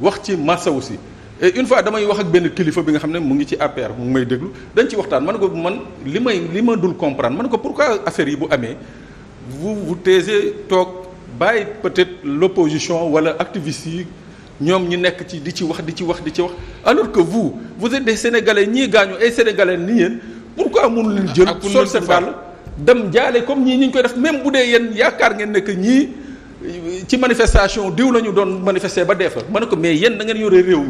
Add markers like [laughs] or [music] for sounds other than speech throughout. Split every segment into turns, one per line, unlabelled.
wax ci massa aussi une fois damay wax ak benn kilifa bi nga xam ne mu ngi ci APR mu may déglu dañ ci waxtaan man ko man li may li ma dul comprendre man ko pourquoi affaire yi bu amee vous vous taisez toog bàyyi peut-être l'opposition wala activistes yi ñoom ñu nekk ci di ci wax di ci wax di ci wax alors que vous vous seen des sénégalais ñii gaañu ay sénégalais ni yéen pourquoi mënu leen jël sol seen wàll dem jaale comme ñii ñu ñu koy def même bu dee yéen yaakaar ngeen nekk ñii ci manifestation diw la ñu doon manifester ba dee fa ma ne ko mais yéen da ngeen yore réew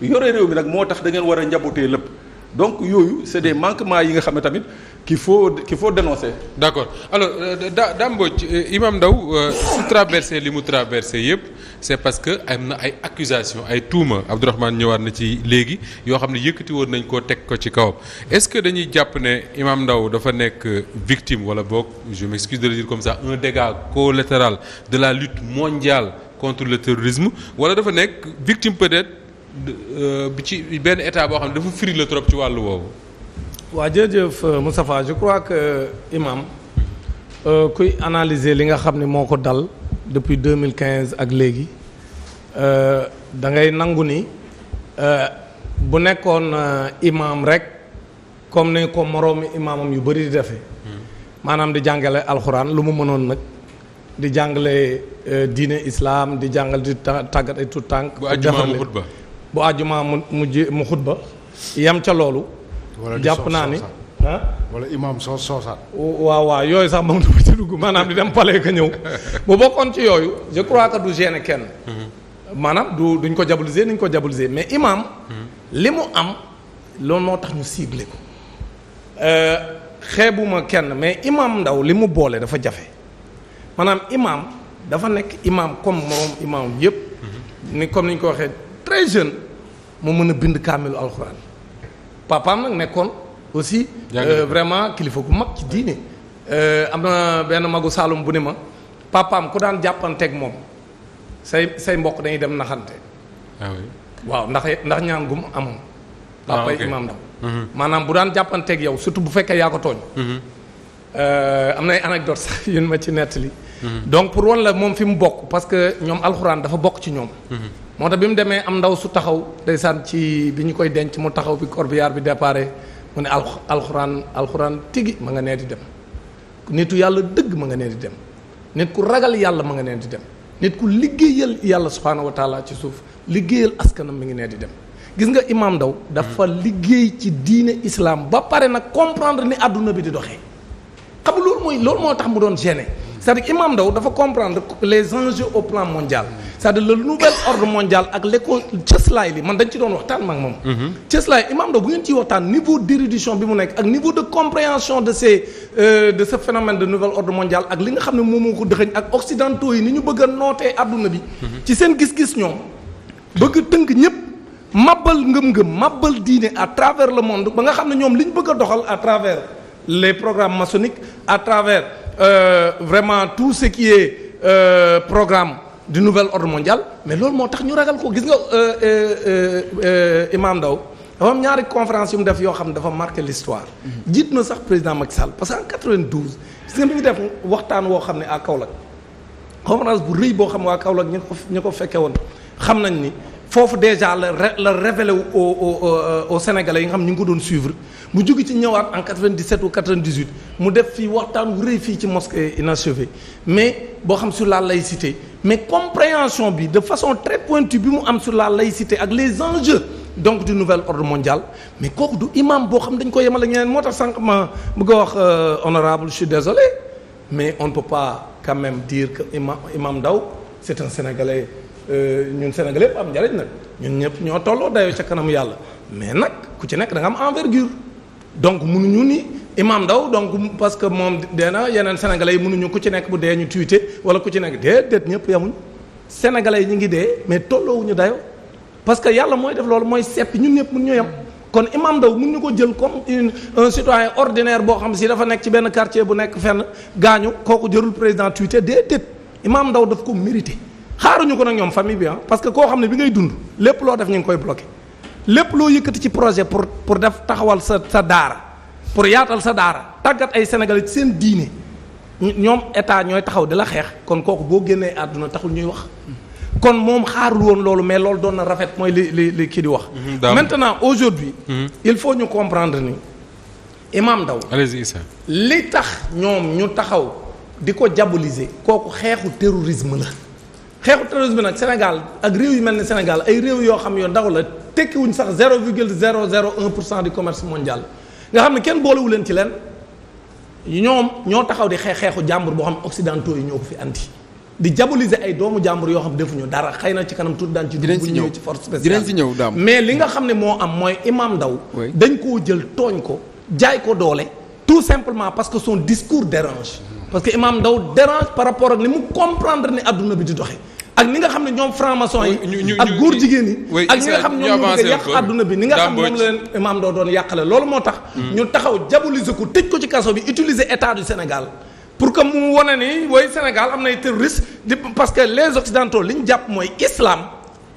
mi yore réew mi nag moo tax da ngeen war a njabotee lépp donc yooyu c'est des manquements yi nga xam ne tamit qu'il faut qu'il faut dénoncer. d'accord alors euh, Dame Mbodj euh, Imam Ndao euh, su traversé li mu traverser yëpp c'est parce que am na ay accusations ay tuuma Abdourahmane ñëwaat na ci léegi yoo xam ne yëkkati woon nañ ko teg ko ci kawam est-ce que dañuy jàpp ne Imam ndaw dafa nekk victime wala boog je m'excuse de le dire comme ça un dégât collatéral de la lutte mondiale contre le terrorisme wala dafa nekk victime peut-être. Euh, bi ci benn état boo xam ne dafa firi la trop ci wàllu woowu. waa jërëjëf euh, Moustapha je crois que euh, imam kuy analyser li nga xam ne moo ko dal depuis 2015 ak léegi da ngay nangu ni bu nekkoon imam rek comme ni ko moroomi imaamam yu bëri di defee. Hmm. maanaam di jàngale alxuraan lu mu mënoon nag. di jàngale diine islam di jàngal di tàggat ay tout tànk. bu àjjuma mu xutba bu àjjuma mu mu mu xutba yam ca loolu. jàpp naa ni ah wala imaam soo soosaat. waaw waaw yooyu sax moom dama ci dugg maanaam di dem pale ka ñëw [laughs] bu bokkoon ci yooyu je crois que du gêner kenn. Mm-hmm. maanaam du duñ ko diaboliser niñ ko diaboliser mais imaam. Mm-hmm. li mu am lool moo tax ñu ciblé ko. Euh, xeebuma kenn mais imaam ndaw li mu boole dafa jafe maanaam imaam dafa nekk imaam comme morom imaam yëpp. Mm-hmm. ni comme ni ñu ko waxee. très jeune mu mën a bind kaamilu alxuraan papaam nag nekkoon aussi. Euh, vraiment kilifa gu mag ci diine. Euh, am na benn magu Saalum bu ne ma papaam ku daan jàppanteeg moom say say mbokk dañuy dem naxante. Ah waaw ndax ndax ñaan gum amoon. Ah, papa imaam ndaw mhm. maanaam bu daan jàppanteeg yow surtout bu fekkee yaa ko tooñ. Mhm. Euh, am na ay anecdote [laughs] sax yéen ma ci nettali. Mhm. donc pour wan la moom fi mu bokk parce que ñoom alxuraan dafa bokk ci ñoom. moo tax bi mu demee am ndaw su taxaw ndeysaan ci bi ñu koy denc mu taxaw bi corbillard bi déparé mu ne al alxuraan alxuraan tigi ma nga nee di dem nitu yàlla dëgg ma nga nee dem nit ku ragal yàlla ma nga nee di dem nit ku liggéeyal yàlla subhaanahu wa taala ci suuf liggéeyal askanam mi ngi nee di dem gis nga imaam Ndaw dafa hmm. liggéey ci diine islaam ba pare nag comprendre ni àdduna bi di doxee xam loolu mooy loolu moo tax mu doon gêné c'est-à-dire Imam dafa comprendre les enjeux au plan mondial c'est-à-dire le nouvel ordre mondial ak lekkool cëslaay li man dañ ci doon waxtaan ma moom mhm. cëslaay Imam Ndao bu ngeen ciy waxtaan niveau d'érudition bi mu nekk ak niveau de compréhension de ces euh, de ce phénomène de nouvel ordre mondial ak li nga xam ne moom moo ko dëxëñ ak occidentaux yi ni ñu bëgg a nootee adduna bi mhm. ci seen gis-gis ñoom bëgg tënk ñëpp mabbal ngëm-ngëm mabbal diine à travers le monde ba nga xam ne ñoom li ñu bëgg a doxal à travers les programmes maçonniques à travers euh, vraiment tout ce qui euh, programme du nouvel ordre mondial mais loolu moo tax ñu ragal ko gis nga euh, euh, Imam Ndao dafa am ñaari conférence yu mu def yoo xam ne dafa marqué l'histoire mhm. jiit na sax président Macky Sall parce que en 92 gis nga mi ngi def waxtaan woo xam ne à Kaolack conférence bu rëy boo xam waa Kaolack ñu ko ñu ko fekke woon xam nañ ni foofu déjà la la révélé wu au au euh, yi nga xam ñu ngi ko doon suivre bu jóge ci ñëwaat en 97 ou 98 mu def fii waxtaan wu rëy fii ci mosquée inachevée mais boo xam sur la laïcité mais compréhension bi de façon très pointue bi mu am sur la laïcité ak les enjeux donc du nouvel ordre mondial mais kooku du imam boo xam dañ ko yemale ñeneen moo tax sànq ma bëgg wax euh, honorable je suis désolé mais on peut pas quand même dire que imam Ndao c'est un sénégalais. Euh, ñun Sénégal yëpp am njariñ nag ñun ñëpp ñoo tolloo dayoo ca kanamu yàlla mais nag ku ci nekk da nga am envergure donc mënuñu ni imam daw donc parce que moom dee na yeneen sénégalais yi mënuñu ku ci nekk bu dee ñu tuité wala ku ci nekk déedéet ñëpp yamuñ sénégalais yi ñu ngi dee mais tolloowuñu dayo parce que yàlla mooy def loolu mooy seppi ñun ñëpp mënuñu yem kon imam ndaw mun ñu ko jël comme une un citoyen ordinaire boo xam si dafa nekk ci benn quartier bu nekk fenn gaañu kooku jërul président tuité déedéet imam daw daf ko mérité xaaruñu ko nag ñoom famille bi ah parce que koo xam ne bi ngay dund lépp loo def ñu ngi koy bloqué lépp loo yëkkati ci projet pour pour def taxawal sa sa daara pour yaatal sa daara tàggat ay sénégalais seen diine ñoom état ñooy taxaw di la xeex kon kooku boo génnee àdduna taxul ñuy wax kon moom xaarul woon loolu mais loolu doon na rafet mooy li li kii di wax. Mhm, maintenant aujourd'hui mhm. il faut ñu comprendre ni Imam Ndao allez-y li tax ñoom ñu taxaw di ko diaboliser kooku xeexu terrorisme la. xeexu terrorisme bi nag Sénégal ak réew yu mel ne Sénégal ay réew yoo xam yoo ndaw la tekkiwuñ sax 0,001 pour cent du commerce mondial nga xam ne kenn boolewu leen ci leen ñoom ñoo taxaw di xeex xeexu jàmbur boo xam occidentaux yi ñëw ko fi anti di diaboliser ay doomu jàmbur yoo xam defuñu dara xëy na ci kanam tuuti daan ci dugg ñëw ci force spéciale si ñëw daam mais li nga xam ne moo am mooy imam Ndaw dañ koo jël tooñ ko jaay ko doole tout simplement parce que son discours dérange parce que imam Ndao dérange par rapport ak ni mu comprendre ni adduna bi di doxee ak ni nga xam ne ñoom franc yi ak góor jigéen yi ak ñi nga xam ne ñoom ñu yàq adduna bi ni nga xam moom la leen imam Ndao doon yàqale loolu moo tax hmm. ñu taxaw diaboliser ko tëj ko ci kaso bi utiliser état du Sénégal pour que mu wane ni way Sénégal am na terroriste di parce que les occidentaux li ñu jàpp mooy islam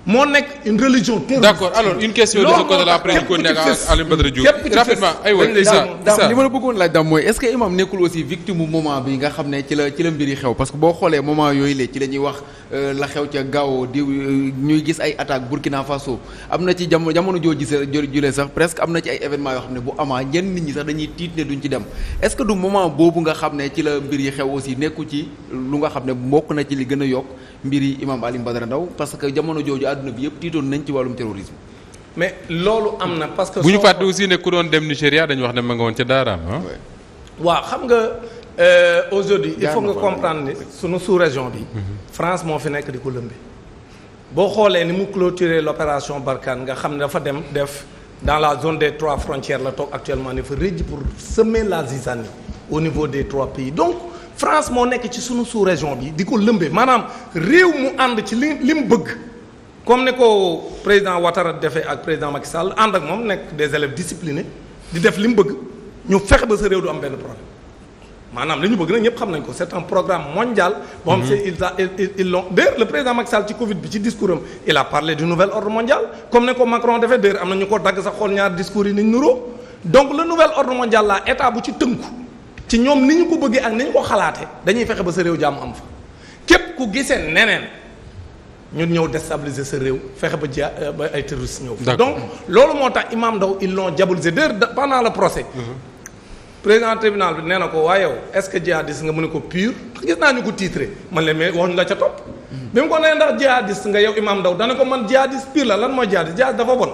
moo nekk une religion terroriste. d'accord alors une question de ce côté-là après ñu ko nekk Alioune Badara Diop rapidement aywa Issa Issa li ma la bëggoon laaj daam mooy est-ce que imam nekkul aussi victime mu moment bi nga xam ne ci la ci la mbir yi xew euh, euh, am na ci jamono jamono joo gisee julee sax presque am na ci ay événement yoo xam ne bu amaa ñenn nit ñi sax dañuy tiit ne duñ ci dem est-ce que du moment boobu nga xam ne ci la mbir yi xew aussi nekku ci lu nga xam ne mbokk na ci li gën a yokk mbir imam Alioune Badara Ndao parce que jamono jooju àdduna bi yëpp tiitoon nañ ci wàllum terrorisme. mais loolu am na parce que. bu ñu fàtte aussi ne ku doon dem Nigéria dañu wax ne ma nga woon ca daaraam ah. xam nga euh, aujourd'hui il faut nga comprendre ni sunu sous-région bi. France moo fi nekk di ko lëmbe. boo xoolee ni mu clôturer l'opération Barkhane nga xam ne dafa dem def dans la zone des trois frontières la toog actuellement ni fa rëj pour semer la zizanie au niveau des trois pays France moo nekk ci sunu sous région bi di ko lëmbee maanaam réew mu ànd ci li li mu bëgg comme ne ko président Ouattara defee ak président Macky Sall ànd ak moom nekk des élèves disciplinés di def li mu bëgg ñu fexe ba sa réew du am benn problème maanaam li ñu bëgg nag ñëpp xam nañ ko c'est un programme mondial. boo xam ne mhm. ils a ils l'ont d'ailleurs le président Macky ci Covid bi ci discours am il a parlé du nouvel ordre mondial comme ne ko Macron defee d'ailleurs am na dagg sax xool ñaar discours yi nañ nuroo donc le état bu ci tënku. ci ñoom ni ñu ko bëggee ak ni ñu ko xalaate dañuy fexe ba sa réew jàmm am fa képp ku gisee neneen ñun ñëw déstabiliser sa réew fexe ba ja euh, ba ay terroristes ñëw. donc loolu moo tax Imam Ndao ils l'ont diabolisé d'ailleurs pendant la procès. Mm-hmm. président tribunal bi nee na ko waaye yow est-ce que jihadiste nga mu ne ko pur gis naa ñu ko titré man la mais waxuñ la ca topp. Mm-hmm. bi mu ko nee ndax jihadiste nga yow Imam Ndao dana ko man jihadiste pur la lan mooy jihadiste jihadiste dafa bon.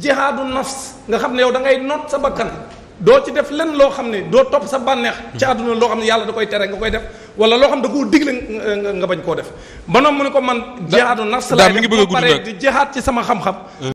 jihaadu nafs nga xam ne yow da ngay noot sa bakkan. doo ci def lenn loo xam ne doo topp sa bànneex ci àdduna loo xam ne yàlla da koy tere nga koy def wala loo xam da koo digle nga bañ koo def ba noonu mu ne ko man jihaadu nafs la mi ngi bëgg a gudd di jihaad ci sama xam-xam euh.